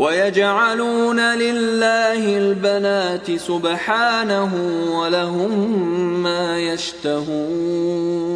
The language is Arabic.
ويجعلون لله البنات سبحانه ولهم ما يشتهون